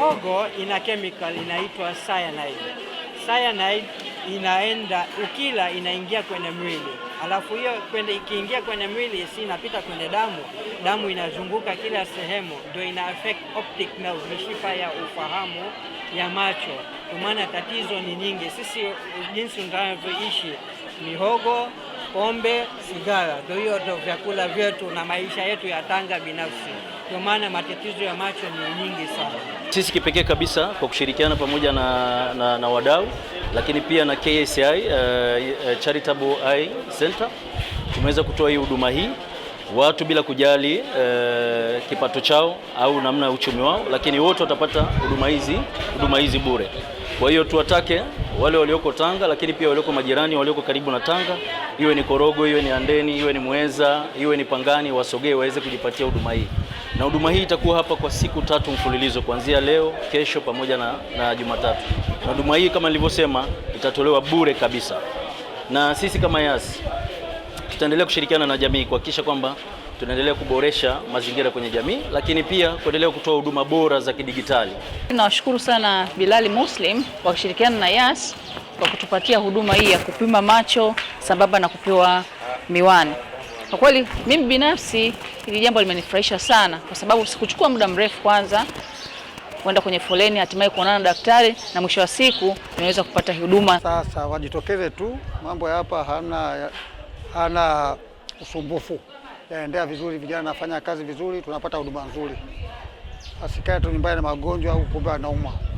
Mihogo ina chemical inaitwa cyanide. Cyanide inaenda ukila, inaingia kwenye mwili, alafu hiyo kwenda ikiingia kwenye mwili, si inapita kwenye damu, damu inazunguka kila sehemu, ndio ina affect optic nerve, mishipa ya ufahamu ya macho. Kwa maana tatizo ni nyingi, sisi jinsi tunavyoishi, mihogo, pombe, sigara, ndio hiyo ndio vyakula vyetu na maisha yetu ya Tanga binafsi. Ndio maana matatizo ya macho ni nyingi sana. Sisi kipekee kabisa kwa kushirikiana pamoja na, na, na wadau lakini pia na KSI uh, eh, eh, Charitable Eye Center tumeweza kutoa hii huduma hii watu bila kujali uh, kipato chao au namna ya uchumi wao, lakini wote watapata huduma hizi huduma hizi bure. Kwa hiyo tuwatake wale walioko Tanga, lakini pia walioko majirani, walioko karibu na Tanga, iwe ni Korogo, iwe ni Andeni, iwe ni mweza iwe ni Pangani, wasogee waweze kujipatia huduma hii na huduma hii itakuwa hapa kwa siku tatu mfululizo kuanzia leo, kesho pamoja na, na Jumatatu. Na huduma hii kama nilivyosema itatolewa bure kabisa, na sisi kama Yas tutaendelea kushirikiana na jamii kuhakikisha kwamba tunaendelea kuboresha mazingira kwenye jamii, lakini pia kuendelea kutoa huduma bora za kidigitali. Tunawashukuru sana Bilali Muslim kwa kushirikiana na Yas kwa kutupatia huduma hii ya kupima macho sambamba na kupewa miwani. Kwa kweli mimi binafsi hili jambo limenifurahisha sana, kwa sababu sikuchukua muda mrefu kwanza kwenda kwenye foleni, hatimaye kuonana na daktari na mwisho wa siku nimeweza kupata huduma. Sasa wajitokeze tu, mambo ya hapa hana, hana usumbufu, yaendea vizuri, vijana nafanya kazi vizuri, tunapata huduma nzuri, asikae tu nyumbani na magonjwa au kumbe anauma.